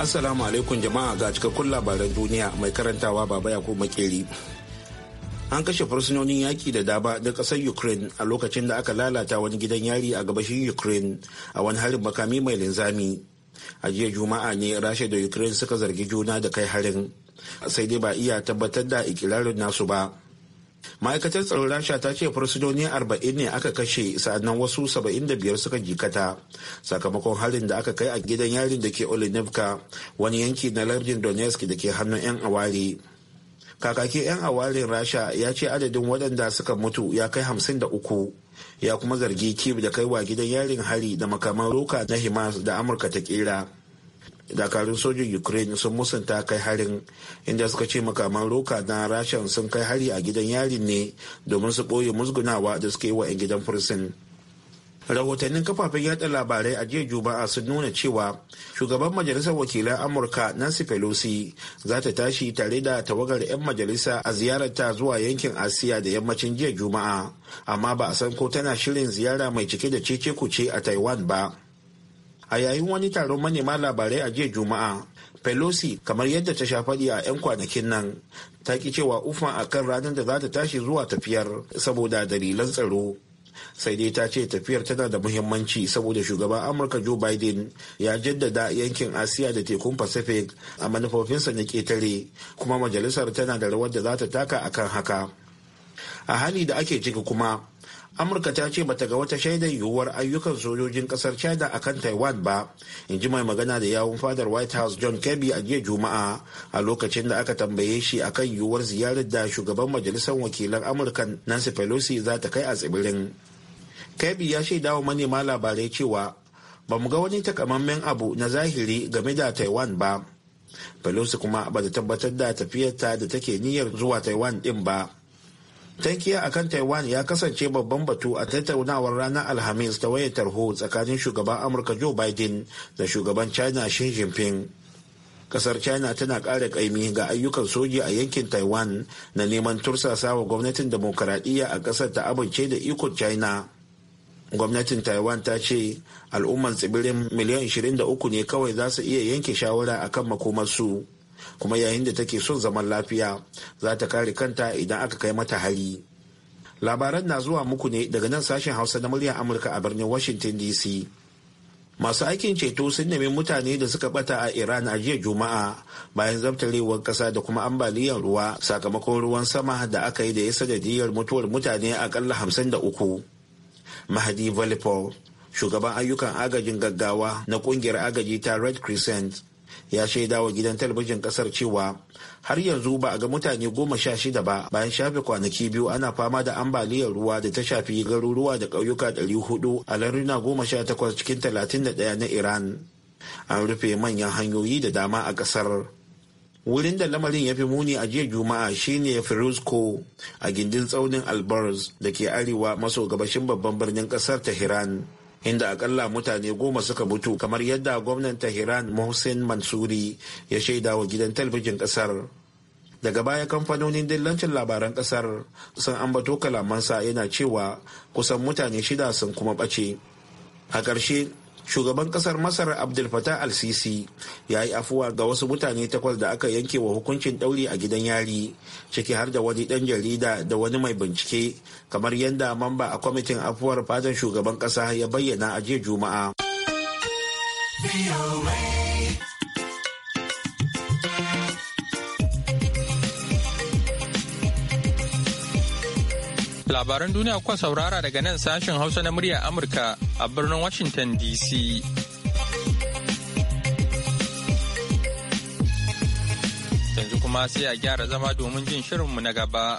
Assalamu alaikum jama'a ga cikakkun labaran duniya mai karantawa baba ya ko makeri. An kashe fursunonin yaki da daba da ƙasar Ukraine a lokacin da aka lalata wani gidan yari a gabashin Ukraine a wani harin makami mai linzami. A jiya Juma'a ne Rasha da Ukraine suka zargi juna da kai harin, sai dai ba iya tabbatar da ikirarin nasu ba. ma'aikatar tsaron rasha ta ce fursunoni 40 ne aka kashe sa'annan wasu 75 suka jikata sakamakon halin da aka kai a gidan yarin da ke olenivka wani yanki na lardin donetsk da ke hannun 'yan awari kakaki 'yan awarin rasha ya ce adadin waɗanda suka mutu ya kai 53 ya kuma zargi kiev da kaiwa gidan yarin hari da makaman roka na himas da amurka ta kera dakarun sojin ukraine sun musanta kai harin inda suka ce makaman roka na rasha sun kai hari a gidan yarin ne domin su ɓoye musgunawa da suka yi wa 'yan gidan fursin rahotannin kafafen yada labarai a jiya juma'a sun nuna cewa shugaban majalisar wakilan amurka nancy pelosi za ta tashi tare da tawagar 'yan majalisa a ziyararta zuwa yankin asiya da yammacin jiya juma'a amma ba a san ko tana shirin ziyara mai cike da cece kuce a taiwan ba a yayin wani taron manema labarai a jiya juma'a pelosi kamar yadda ta sha faɗi a 'yan kwanakin nan ta ki cewa ufa a kan ranar da za ta tashi zuwa tafiyar saboda dalilan tsaro sai dai ta ce tafiyar tana da muhimmanci saboda shugaban amurka joe biden ya jaddada yankin asiya da tekun pacific a manufofinsa na ketare kuma majalisar tana da rawar da za ta taka akan haka a hali da ake ciki kuma amurka ta ce bata ga wata shaidar yiwuwar ayyukan sojojin kasar china a kan taiwan ba in ji mai magana da yawun fadar white house john kirby a jiya juma'a a lokacin da aka tambaye shi a kan yiwuwar ziyarar da shugaban majalisar wakilan amurka nancy pelosi za ta kai a tsibirin kirby ya shaida wa manema labarai cewa ba mu ga wani takamammen abu na zahiri game da taiwan ba pelosi kuma ba ta tabbatar da tafiyarta da take niyyar zuwa taiwan din ba Taikiya kan Taiwan ya kasance babban batu a tattaunawar ranar Alhamis ta wayar tarho tsakanin shugaban Amurka Joe Biden da shugaban China Xi Jinping. Kasar China tana ƙara kaimi ga ayyukan soji a yankin Taiwan na neman tursasawa gwamnatin demokaradiyya a ƙasar ta amince da ikon China. gwamnatin taiwan ta ce al'ummar tsibirin miliyan 23 ne kawai za su iya yanke shawara akan makomarsu kuma yayin da take son zaman lafiya za ta kare kanta idan aka kai mata hari labaran na zuwa muku ne daga nan sashen hausa na muryar amurka a birnin washington dc masu aikin ceto sun nemi mutane da suka bata a iran a jiya juma'a bayan zabtarewar kasa da kuma ambaliyar ruwa sakamakon ruwan sama da aka yi da ya sanadiyar mutuwar mutane akalla hamsin da uku mahadi volleyball shugaban ayyukan agajin gaggawa na kungiyar agaji ta red crescent ya shaida wa gidan talabijin kasar cewa har yanzu ba a ga mutane goma sha shida ba bayan shafe kwanaki biyu ana fama da ambaliyar ruwa da ta shafi garuruwa da ƙauyuka ɗari hudu a laruna goma sha takwas cikin talatin da ɗaya na iran an rufe manyan hanyoyi da dama a ƙasar wurin da lamarin ya fi muni a jiya juma'a shine firusko a gindin tsaunin albars da ke arewa maso gabashin babban birnin ƙasar tehran inda akalla mutane goma suka mutu kamar yadda gwamnan tehran mohsen mansuri ya shaida wa gidan talabijin kasar daga baya kamfanonin dillancin labaran kasar sun ambato kalamansa yana cewa kusan mutane shida sun kuma ɓace a ƙarshe shugaban kasar masar abdul fata al-sisi ya yi afuwa ga wasu mutane takwas da aka yanke wa hukuncin ɗauri a gidan yari ciki har da wani ɗan jarida da wani mai bincike kamar yadda mamba a kwamitin afuwar fatan shugaban ƙasa ya bayyana a jiya juma'a Labaran duniya kuka saurara daga nan sashen Hausa na murya Amurka a birnin Washington DC. Yanzu kuma sai a gyara zama domin jin shirinmu na gaba.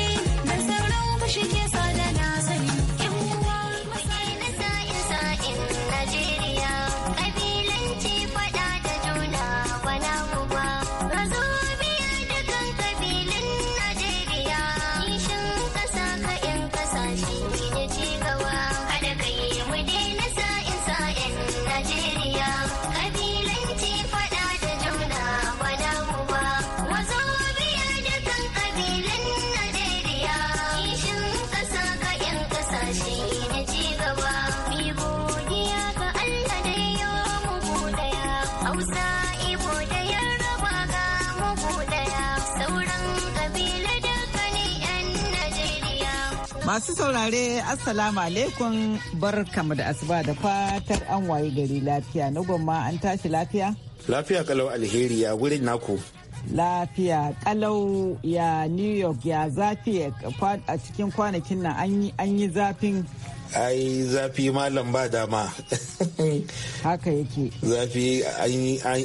Masu saurare Assalamu alaikum barkamu da asuba da fatar an waye gari lafiya na gwamma an tashi lafiya? Lafiya kalau alheri ya wurin naku. Lafiya kalau ya New York ya zafi a cikin kwanakin nan an yi zafin ai zafi malam ba dama. Haka yake. Zafi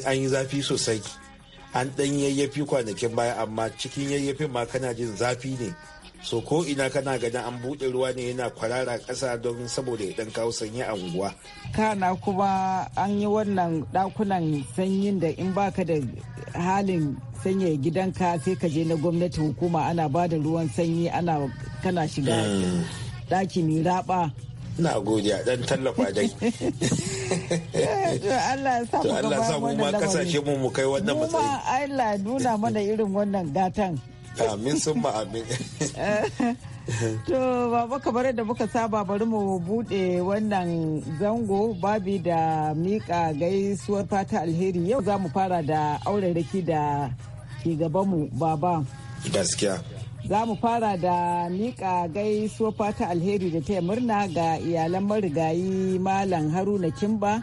an yi zafi sosai. An ɗan yayyafi kwanakin baya amma cikin yayyafin ma kana jin zafi ne. so ko ina kana gani an buɗe ruwa ne yana kwarara ƙasa don saboda ya ɗan kawo sanyi a unguwa. kana kuma an yi wannan ɗakunan sanyin da in baka da halin sanya gidanka sai ka je na gwamnati hukuma ana ba da ruwan sanyi ana kana shiga hmm. ɗaki mai raɓa na gode a dan tallafa dai Allah ya sa mu kasashe mu mu kai wannan matsayi Allah nuna mana irin wannan gatan amin sun ma amin to baba kamar da muka saba bari mu bude wannan zango babi da mika gaisuwar fata alheri yau za mu fara da aurareki da ke gabanmu baba gaskiya za mu fara da mika gaisuwar fata alheri da taya murna ga iyalan marigayi malam haruna kimba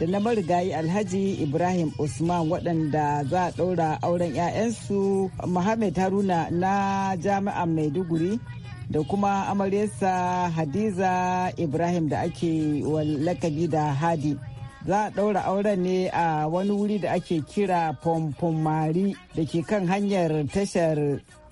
da na marigayi alhaji ibrahim usman waɗanda za a ɗaura auren 'ya'yansu muhammed haruna na jami'an maiduguri da kuma amaryarsa hadiza ibrahim da ake lakabi da hadi za a ɗaura auren ne a wani wuri da ake kira pompommari da ke kan hanyar tashar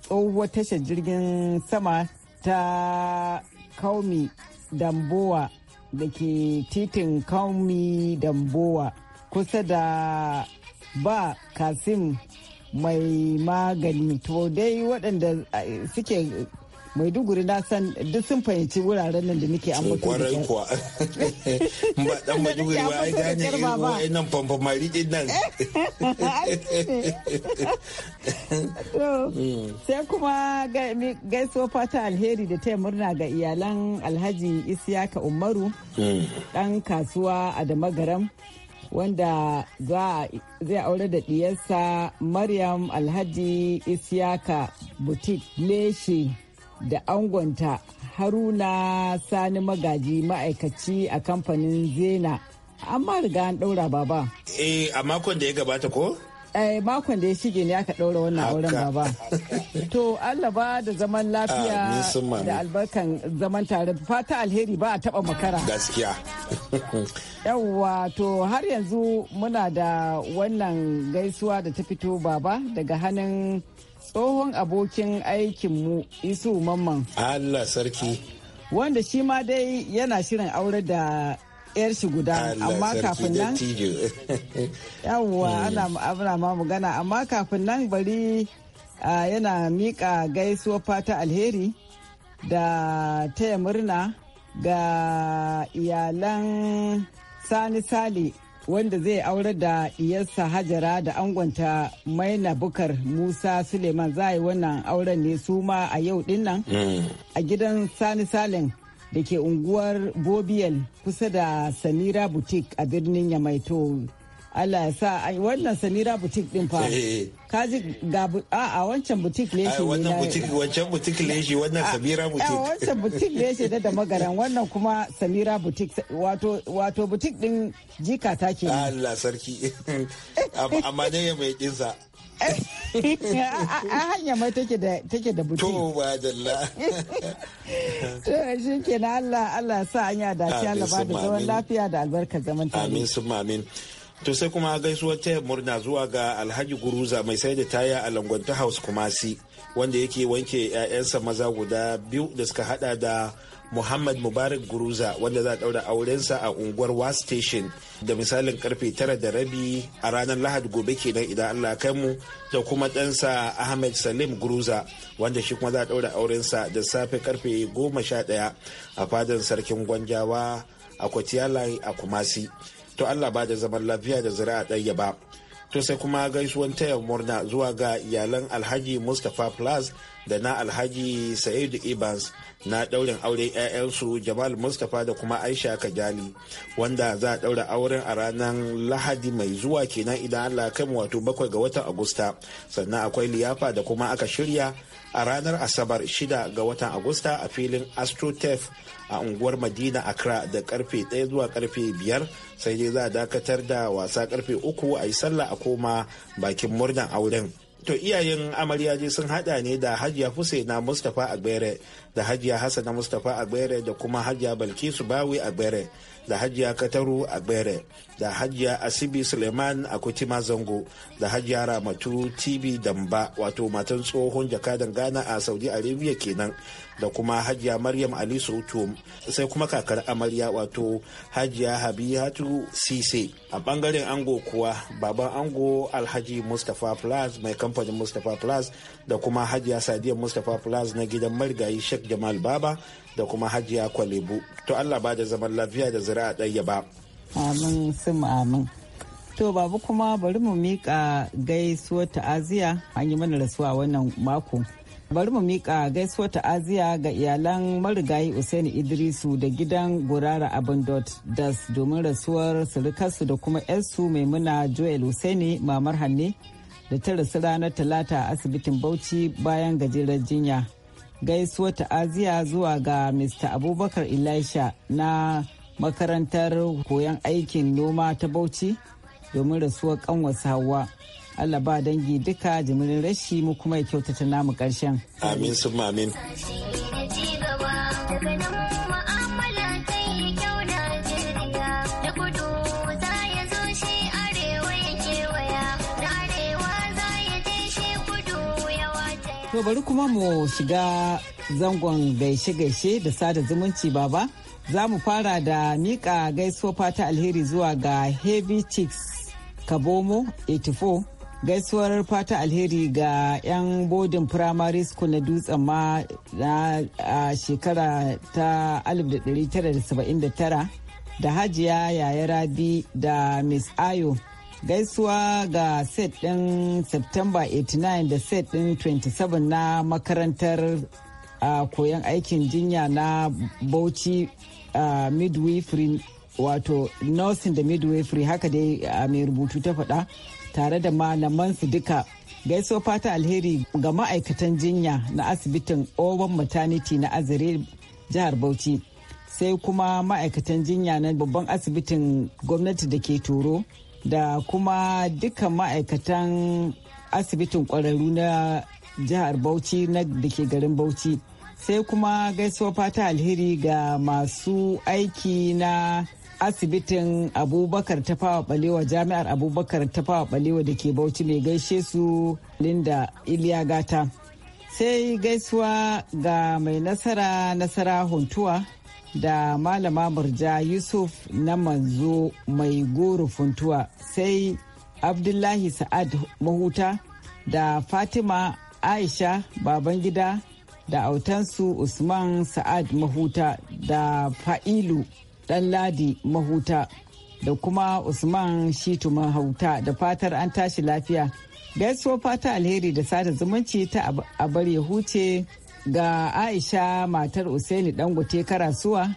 tsohuwar tashar jirgin sama ta kaumi damboa da ke titin kaumi dambowa kusa da ba kasim mai magani to dai waɗanda eh, suke maiduguri na san duk sun fahimci wuraren nan da nake an mutu kwarai kuwa ba dan maiduguri ba ai gane ai nan mari din nan sai kuma gaisuwa fata alheri da ta murna ga iyalan alhaji isiyaka umaru hmm. dan kasuwa a damagaram wanda za zai aure da diyarsa maryam alhaji isiyaka Boutique leshi da angonta haruna sani magaji ma'aikaci a kamfanin zena amma riga an ɗaura baba eh a makon da ya gabata ko eh makon da ya shige ne aka ɗaura wannan auren baba to allah ba da zaman lafiya da albarkan zaman tare fata alheri ba a taba makara gaskiya yawwa to har yanzu muna da wannan gaisuwa da ta fito baba daga hannun tsohon abokin aikinmu isu mamman allah sarki wanda shi ma dai yana shirin aure da yar shi guda amma kafin nan yawwa hmm. ana ma magana amma kafin nan bari yana miƙa gaisuwar fata alheri da taya murna ga iyalan sani sale wanda zai aure da iyarsa hajara da angonta maina bukar musa suleiman za a yi wannan auren ne su ma a yau dinnan hmm. a gidan sani salin da ke unguwar bobiyal kusa da samira boutique a birnin yamaito Allah ya sa wannan Samira butik din fa. Eh. Ka ji ga a a wancan butik leshi ne. Wannan butik wancan butik shi wannan Samira eh, boutique. A wancan butik shi da da magaran wannan kuma Samira butik wato wato butik din jika ta ke. Allah sarki. Amma dai ya mai dinsa. a hanya mai take da take da butik. To ba dalla. To shi kenan Allah Allah sa anya da shi Allah ba da zaman lafiya da albarka zaman ta Amin summa amin. To sai kuma gaisuwar taya murna zuwa ga Alhaji Guruza mai sai da taya a Langwanta House Kumasi wanda yake wanke 'ya'yansa maza guda biyu da suka hada da Muhammad Mubarak Guruza wanda za a daura aurensa a unguwar Wa Station da misalin karfe tara da rabi a ranar lahad gobe kenan idan Allah kai mu da kuma ɗansa Ahmed Salim Guruza wanda shi kuma za a daura aurensa da safe karfe goma sha ɗaya a fadan sarkin Gwanjawa a kwatiyalai a Kumasi. to Allah ba da zaman lafiya da zira'a ɗaya ba to sai kuma gaisuwan taya murna zuwa ga iyalan alhaji mustapha plus da na alhaji sa'idu ibans na ɗaurin aure 'ya'yansu jamal mustapha da kuma aisha kajali wanda za a ɗaura auren a ranar lahadi mai zuwa kenan idan allah kai mu wato bakwai ga watan agusta sannan akwai liyafa da kuma aka shirya a ranar asabar shida ga watan agusta a filin astrotef a unguwar madina accra da karfe 1 zuwa karfe 5 sai dai za a dakatar da wasa karfe 3 a yi sallah a koma bakin murnan auren to iyayen amarya je sun hada ne da hajiya husaina mustapha agbere da hajiya hassana mustapha agbere da kuma hajiya balkisu bawi agbere da hajiya kataru a bere da hajiya asibi suleiman a kutima zango da hajiya ramatu tv damba wato matan tsohon jakadan ghana a saudi arabia kenan da kuma hajiya maryam ali sautum sai kuma kakar amarya wato hajiya habihatu sise a bangaren ango kuwa baban ango alhaji mustapha plus mai kamfanin mustapha plus da kuma hajiya sadiyar mustapha plus na gidan marigayi sheikh jamal baba da kuma hajiya kwalebu to allah ba da zaman lafiya da zira'a ɗaya ba amin sim amin to babu kuma bari mu miƙa gaisuwa ta'aziya an yi mana rasuwa wannan mako bari mu miƙa gaisuwar ta'aziya ga iyalan marigayi usaini idrisu da gidan gurara abin dot das domin rasuwar surukarsu da kuma yarsu maimuna joel usaini mamar hanne da ta rasu ranar talata a asibitin bauchi bayan gajerar jinya gaisuwar ta'aziya zuwa ga Mr. Abubakar Elisha na makarantar koyon aikin noma ta Bauchi domin rasuwar kanwarsa Hauwa. Allah ba dangi duka jimirin rashi mu kuma ya kyautata namu karshen. Amin sun amin. To bari kuma mu shiga zangon gaishe-gaishe da sada zumunci baba. Za mu fara da miƙa gaisuwa fata alheri zuwa ga Heavy Chicks Kabomo 84. Gaisuwar fata alheri ga 'yan bodin primary school na dutsen ma na shekara ta 1979 da hajiya yaya rabi da Miss Ayo gaisuwa ga set din september 89 da set din 27 na makarantar uh, koyon aikin jinya na bauchi uh, midwifery wato nursing da midwifery haka dai uh, mai rubutu ta faɗa tare da malaman su duka gaisuwa fata alheri ga ma'aikatan jinya na asibitin oban maternity na azare jihar bauchi sai kuma ma'aikatan jinya na babban asibitin gwamnati da ke toro da kuma dukkan ma'aikatan asibitin kwararru na jihar Bauchi na da ke garin Bauchi. Sai kuma gaisuwa fata alheri ga masu aiki na asibitin abubakar tafawa balewa jami'ar abubakar tafawa balewa da ke bauchi mai gaishe su linda gata sai gaisuwa ga mai nasara nasara huntuwa da malama murja yusuf na manzo mai goro funtuwa sai abdullahi sa'ad mahuta da fatima aisha babangida da autansu usman sa'ad mahuta da fa'ilu ɗanladi mahuta da kuma usman shitu mahuta da fatar an tashi lafiya gaisuwa fata alheri da sada zumunci ta abar ya huce Ga aisha matar usaini dangote karasuwa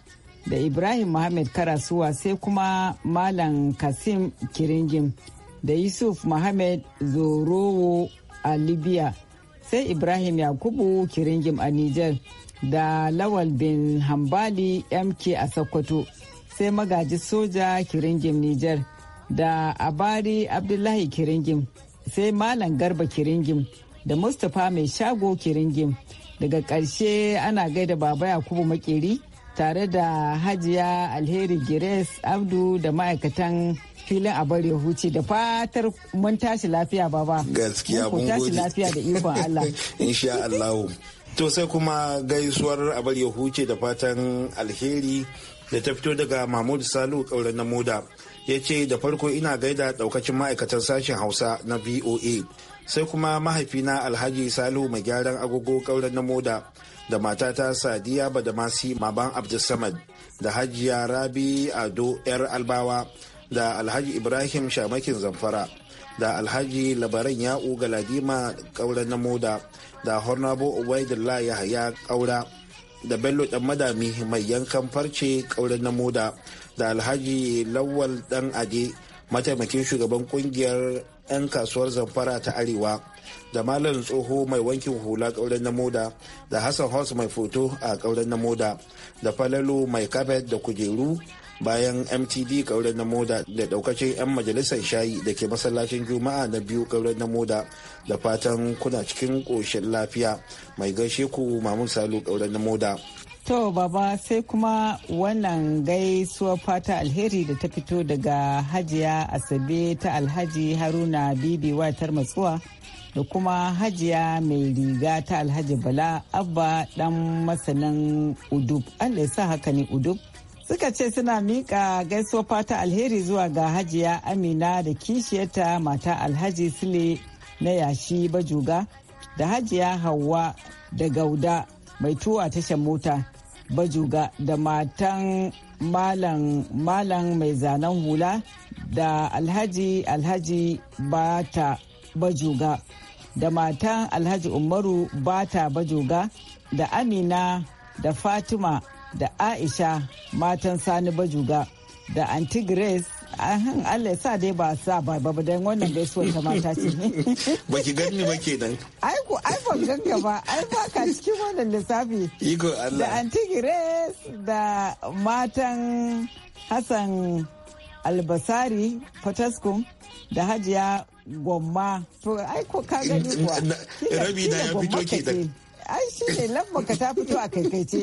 da ibrahim muhammad karasuwa sai kuma malam kasim kiringim da yusuf muhammad zorowo a libya sai ibrahim yakubu kiringim a niger da lawal bin hambali mk a sokoto sai magaji soja kiringim niger da abari abdullahi kiringim sai malam garba kiringim da mustapha mai shago kiringim daga ƙarshe ana gaida baba yakubu makeri tare da hajiya alheri gires abdu da ma'aikatan filin a bari huce da fatar mun tashi lafiya baba gaskiya mun tashi lafiya da ikon allah insha allah to sai kuma gaisuwar a bari huce da fatan alheri da ta fito daga mahmud salu kauren na moda ya ce da farko ina gaida daukacin ma'aikatan sashen hausa na voa sai kuma mahaifina alhaji salihu mai gyaran agogo kauren na moda da matata sadiya badamasi maban abdulsamad da hajiya rabi ado yar albawa da alhaji ibrahim shamakin zamfara da alhaji labaran ya'u galadima kauren na moda da hornabo ubaidullah yahaya kaura da bello dan madami mai yankan farce kauren na moda da alhaji lawal dan ade mataimakin shugaban kungiyar 'yan kasuwar zamfara ta arewa da malam tsoho mai wankin hula kauren na moda da hassan hos mai foto a kauren na moda da falalo mai kabet da kujeru bayan mtd kauren na moda da daukacin 'yan majalisar shayi da ke masallacin juma'a na biyu kauren na moda da fatan kuna cikin ƙoshin lafiya mai gaishe ku mamun salu kauren na moda To baba sai kuma wannan gaisuwar fata alheri da ta fito daga hajiya asabe ta alhaji haruna bibi watar matsuwa da kuma hajiya mai riga ta alhaji bala abba dan masanin udub allah sa haka ne udub suka ce suna miƙa gaisuwar fata alheri zuwa ga hajiya amina da kishiyarta mata alhaji sule na yashi bajuga da hajiya hawa da gauda mai tuwa tashar mota bajuga da matan malam mai zanen hula da alhaji alhaji bata bajuga da matan alhaji umaru bata bajuga da amina da fatima da aisha matan sani bajuga da anti grace an Allah sa dai ba sa ba ba dan wannan gaisuwar ta mata ce ne ba ki ganni ba ke nan ai ku ai ban ganga ba ai ba ka cikin wannan lissafi iko Allah da antigires da matan Hassan Albasari Potaskum da Hajiya Gwamma to ai ko ka gani mm, kuwa rabi na ya fito ke da ai shi ne lamba ka ta fito a kaikaice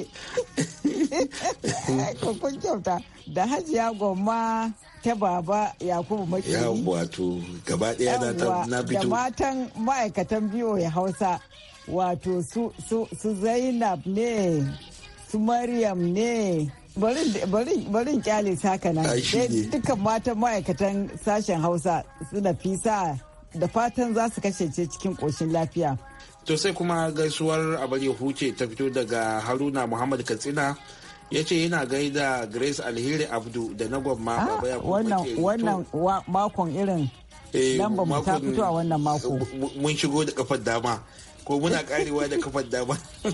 ai ko kun kyauta da Hajiya Gwamma ta baba yakubu makeri ya wato gaba daya na fito da matan ma'aikatan biyo ya hausa wato su su su zainab ne su maryam ne barin kyale saka na dukkan matan ma'aikatan sashen hausa suna fisa da fatan za su kasance cikin ƙoshin lafiya to sai kuma gaisuwar abar ya huce ta fito daga haruna muhammad katsina ya ce yana gaida grace alheri abdu da na gwamma ah, babaya ya wannan makon irin eh, nan ba mu fito a wannan mako mun shigo da kafar dama ko muna karewa da kafar dama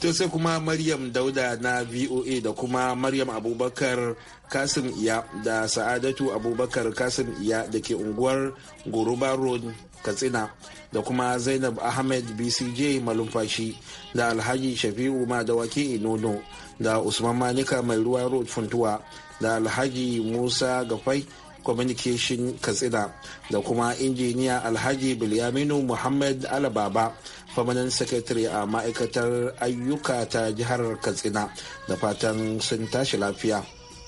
to sai kuma maryam dauda na voa da kuma maryam abubakar kasim iya da sa'adatu abubakar kasim iya da ke unguwar goruba road katsina da kuma zainab ahmed bcj malumfashi da alhaji shafi'u ma da wake inono da usman manika mai ruwa road funtuwa da alhaji musa gafai communication katsina da kuma injiniya alhaji bilyaminu muhammad alababa famanin secretary a ma'aikatar ayyuka ta jihar katsina da fatan sun tashi lafiya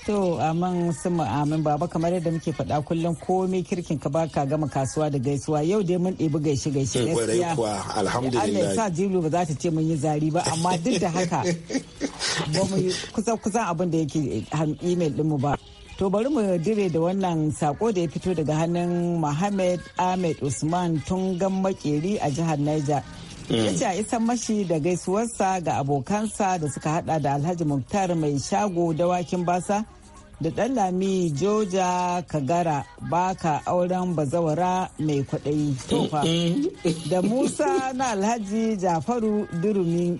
To aman sun amin baba kamar yadda muke faɗa kullum komai kirkin ka baka gama kasuwa da gaisuwa yau dai mun ɗebi gaishe gaishe eh, gaskiya. Allah sa jilu ba za ta ce mun yi zari ba amma duk da haka ba mu kusan kusan abin da yake email mu ba. To bari mu dire da wannan sako da ya fito daga hannun Muhammad Ahmed Usman tun gan makeri a jihar Niger. Mm. yace a isan mashi da gaisuwarsa ga abokansa da suka hada da Alhaji Muktar mai shago dawakin basa. da ɗan lami Joja Kagara baka auren bazawara mai kwaɗayi tofa eh, eh. da Musa na Alhaji Jafaru Durumin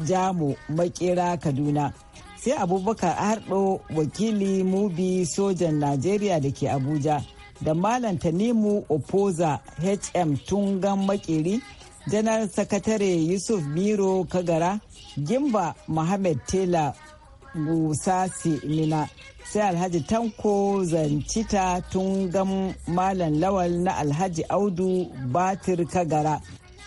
Jamo Makera Kaduna. Sai Abubakar Ardo wakili Mubi Sojan Najeriya da ke Abuja da Malam Tanimu Opoza HM Tungan Makeri. janar sakatare yusuf miro kagara gimba mohammed taylor. busasi mina sai alhaji tanko zancita tun gam malam lawal na alhaji audu batir kagara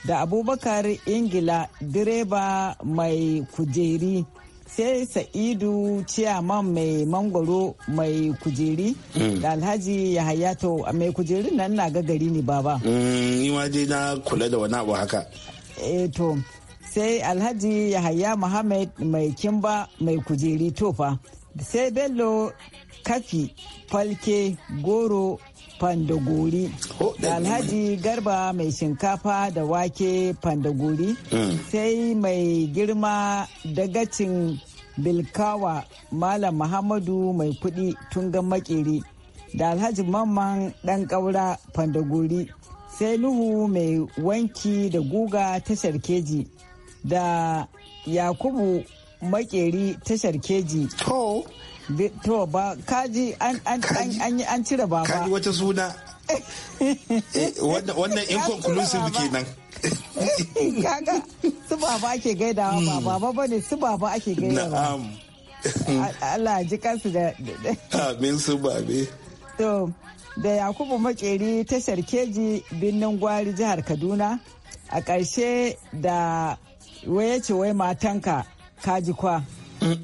da abubakar ingila direba mai kujeri sai sa'idu ciyaman mai mangoro mai kujeri mm. da alhaji yahayato mai kujerin nan na gagari ne baba mm, ni ma dai na kula da wani abu haka eh to sai alhaji yahaya muhammad mai kimba mai kujeri tofa sai bello kafi falke goro fandagori oh, da alhaji garba mai shinkafa da wake fandagori mm. sai mai girma dagacin bilkawa malam muhammadu mai kudi tungan makeri da alhaji mamman dan kaura fandagori sai nuhu mai wanki da guga tashar keji da yakubu makeri tashar keji to to ba kaji an an an an cire baba kaji wata suna eh, wannan inconclusive kenan kaga su baba ake gaida ba hmm. baba bane su baba ake gaida. ba Allah ji kansu da amin su babe to da yakubu makeri tashar keji binnin gwari jihar kaduna a ƙarshe da wai ya ce wai matanka ka ji kwa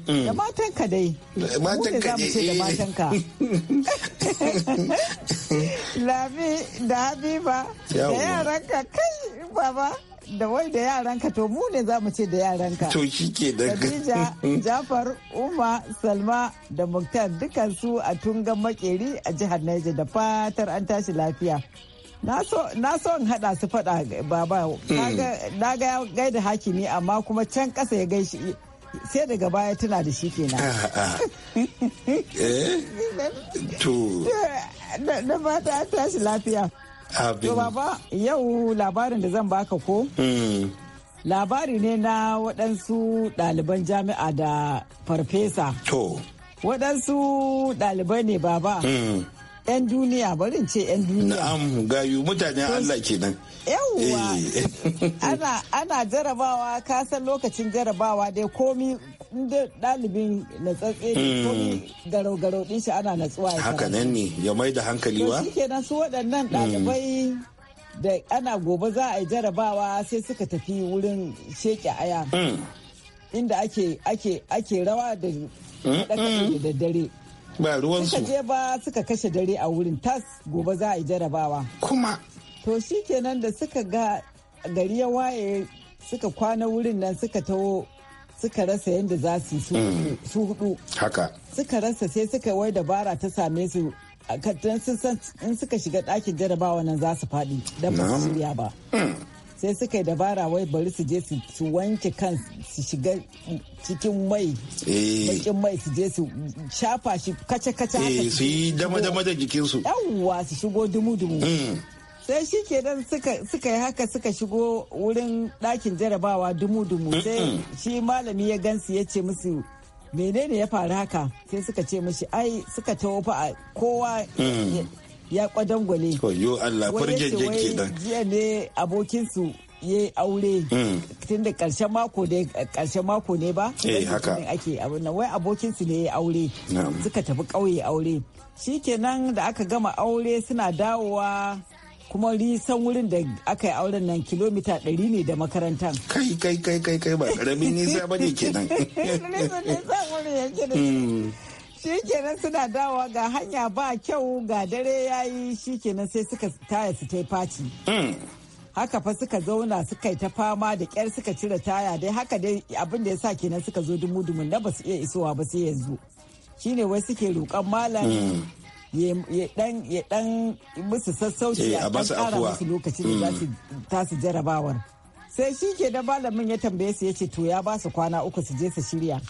da matanka dai matanka ne ce da matanka labi da habiba da yaranka kai baba da wai da yaranka to mu ne za mu ce da yaranka to shi ke da Khadija Jafar Umma Salma da Muktar dukansu a tungan makeri a jihar Niger da fatar an tashi lafiya na so in hada su fada baba na hmm. ga gaida hakimi amma kuma can kasa ya gaishe sai daga baya tuna da shi kenan ah, ah. Eh? na. to na fata an tashi lafiya to baba yau labarin da zan baka ko hmm. labari ne na waɗansu ɗaliban jami'a da farfesa to waɗansu ɗalibai ne baba hmm. 'yan duniya barin ce 'yan duniya na'am gayu mutanen Allah kenan yawwa eh. ana ana jarabawa ka san lokacin jarabawa dai komi inda dalibin natsatse mm. ko garau garau din shi ana natsuwa haka nan ne ya mai da hankali wa shikenan su waɗannan mm. ɗalibai da ana gobe za a yi jarabawa sai suka tafi wurin sheke aya mm. inda ake ake ake rawa da da dare. ba ruwan su je ba suka kashe dare a wurin tas gobe za a yi jarabawa kuma to kenan da suka ga gari ya waye suka kwana wurin nan suka taho suka rasa yadda za su su mm. hudu haka suka rasa sai suka wai dabara ta same su in suka shiga ɗakin jarabawa nan za su faɗi don ba su shirya ba mm. sai suka yi dabara wai bari su je su wanke kan su shiga cikin mai eh. bakin mai su je su shafa shi kace-kace haka eh, su yi dama-dama da jikinsu yawwa su shigo dumu-dumu hmm. sai shi dan suka yi haka suka shigo wurin ɗakin jarabawa dumu-dumu hmm. sai shi malami ya gansu ya ce musu menene ya faru haka sai suka ce mashi ai suka tawo fa kowa hmm. ya kwadangwale koyo Allah fargege dan. jiya ne abokinsu ya ye aure hmm. tun da karshen mako karshen mako ne ba eh haka ake abin nan wai abokinsu ne ya aure suka tafi kauye aure shikenan da aka gama aure suna dawowa kuma risan wurin da aka yi auren nan kilomita ɗari ne da makarantar. Kai kai kai kai kai ba ƙaramin nisa ba ne kenan. Risan wurin yake da shi kenan suna dawa ga hanya ba kyau ga dare yayi shi kenan sai suka taya su ta faci hmm. haka fa suka zauna suka yi ta fama da kyar suka cire taya dai haka dai abin da ya sa kenan suka zo dumu-dumu na ba su iya isowa ba sai yanzu shine wai suke roƙon malam hmm. ya dan musu sassauci eh, a dan kara musu lokacin da za su hmm. jarabawar sai shi ke da malamin ya tambaye su ya ce to ya ba su kwana uku su je su shirya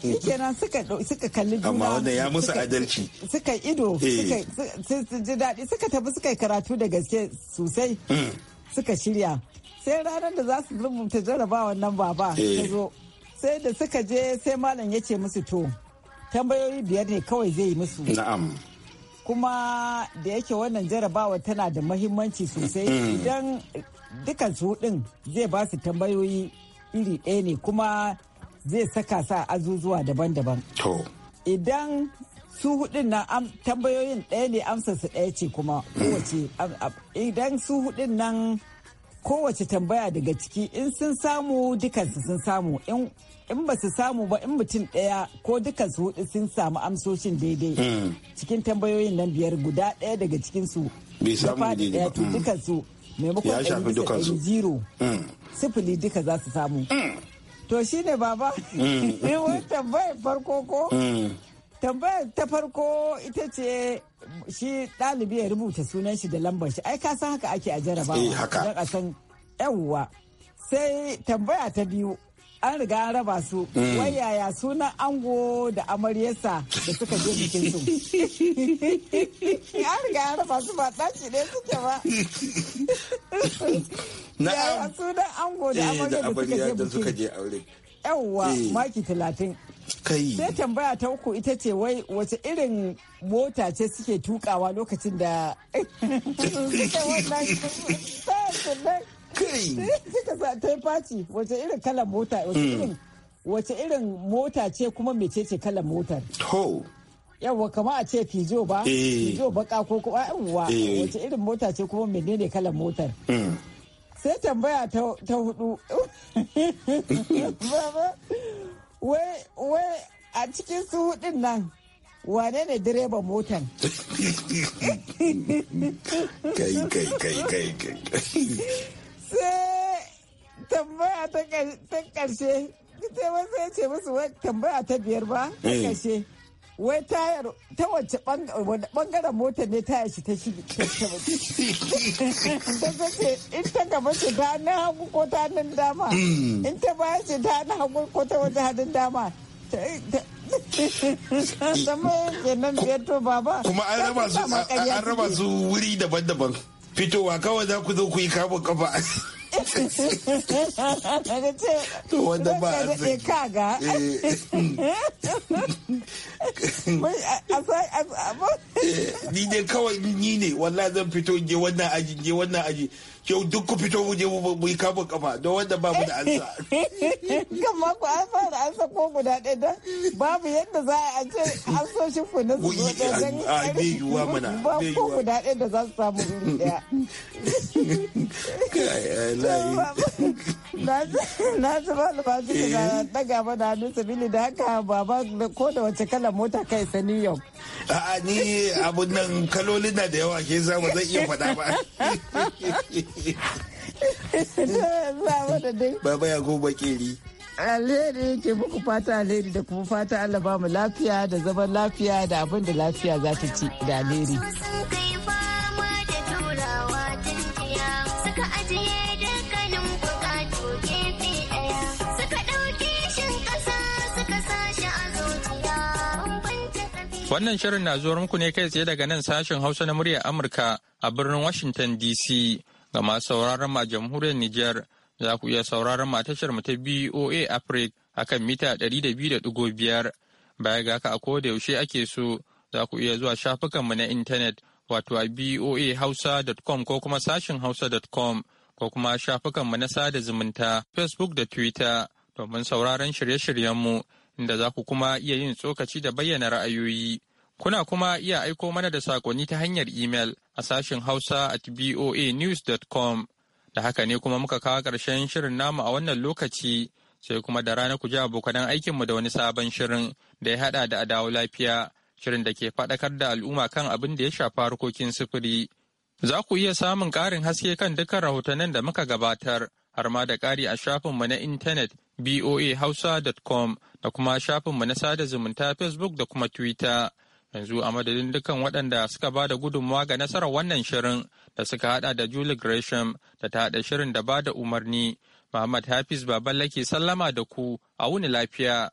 shi kenan suka kalli juna amma wannan ya musu adalci suka ido eh. suka ji daɗi suka tafi suka karatu da gaske sosai hmm. suka shirya sai ranar da za su rubuta jarabawan nan baba ta eh. zo sai da suka je sai malam ya ce musu to tambayoyi biyar ne kawai zai yi musu na'am kuma da yake wannan jarabawa tana da mahimmanci sosai mm. idan dukkan su din zai ba su tambayoyi iri ɗaya ne kuma zai saka sa azuzuwa daban-daban idan su hudun nan tambayoyin ɗaya ne amsa su ɗaya ce kuma mm. kowace idan su hudun nan kowace tambaya daga ciki in sun samu dukansu sun samu in in ba su samu ba in mutum ɗaya ko dukkan su hudu sun samu amsoshin daidai hmm. cikin tambayoyin nan biyar guda ɗaya daga cikin su bai samu daidai ba hmm. dukan su maimakon ɗari zero hmm. sifili duka za su samu to shine baba ne eh, wani tambayar farko ko tambayar ta farko ita ce shi ɗalibi ya rubuta sunan shi da lambar shi ai ka san haka ake a jarabawa eh, don a san yawwa sai tambaya ta biyu an riga an raba su mm. wayaya yaya sunan ango da amaryarsa da suka je bikin su an riga an raba su ba ɗaci ne suke ba yaya sunan ango da amaryarsa eh, da suka je aure? yawwa eh. maki talatin kai sai tambaya ta uku ita ce wai wace irin mota ce suke tukawa lokacin da suke wannan kai eh, kika faci wace irin kalan mota hmm. wace irin mota ce kuma kalan motar to yawwa kama a ce fijo ba eh. fijo baka ko kuma yawwa eh. wace irin mota ce kuma menene kalan motar hmm. sai tambaya ta hudu wai wai a cikin su hudun nan wane ne direban motan kai kai kai kai kai sai tambaya ta ƙarshe sai wasu ya ce musu tambaya ta biyar ba ta ƙarshe eh. wai tayar ta wace bangaren motar ne tayar shi ta shi ta ce in ta gaba ce ta hannun hagu ko ta hannun dama hmm. in ta baya ce ta hannun hagu ko ta wajen hannun dama zama kenan biyar to baba kuma an raba su wuri daban-daban fitowa kawai za ku zo ku yi kamun kafa to wanda ba arziki ka ga eh. eh, ni ne kawai ni ne wallahi zan fito je wannan aji je wannan aji yau duk ku fito mu je mu yi kamun kama don wanda ba mu da ansa kamar ku an fara ansa ko guda ɗaya don babu yadda za a ce an so shi ku na su zo don a be yiwuwa mana ba ko guda ɗaya da za su samu ɗaya wallahi na ci ba su da daga ba da hannu sabili da haka baba ko da wace kalar mota kai sa new york a'a ni abun nan kalolin na da yawa ke sa ba zan iya faɗa ba baba ya go bakeri alheri ke muku fata alheri da kuma fata allah ba mu lafiya da zaman lafiya da abin da lafiya za ta ci da alheri suka ajiye Wannan shirin na zuwa muku ne kai tsaye daga nan sashen Hausa na muryar Amurka a birnin Washington DC ga masu sauraron ma jamhuriyar Nijar za ku iya sauraron ma tashar mu ta BOA Africa a kan mita 200.5 baya ga haka a koda yaushe ake so za ku iya zuwa shafukanmu na intanet wato a BOA boahausa.com ko kuma sashin hausa.com ko kuma shafukanmu na sada zumunta facebook da twitter domin sauraron shirye-shiryenmu inda za ku kuma iya yin tsokaci da bayyana ra'ayoyi. Kuna kuma iya aiko mana da saƙonni ta hanyar imel a sashen Hausa at com Da haka ne kuma muka kawo ƙarshen shirin namu a wannan lokaci sai kuma da rana ku ji abokanan aikinmu da wani sabon shirin da ya haɗa da adawo lafiya shirin da ke faɗakar da al'umma kan abin da ya shafa harkokin sufuri. Za ku iya samun ƙarin haske kan dukkan rahotannin da muka gabatar har ma da ƙari a shafinmu na intanet boahausa.com da kuma shafinmu na sada zumunta facebook da kuma twitter yanzu a madadin dukkan waɗanda suka ba da gudunmawa ga nasarar wannan shirin da suka hada da julie gresham da ta haɗa shirin da ba da umarni muhammad hafiz baballake sallama da ku a wuni lafiya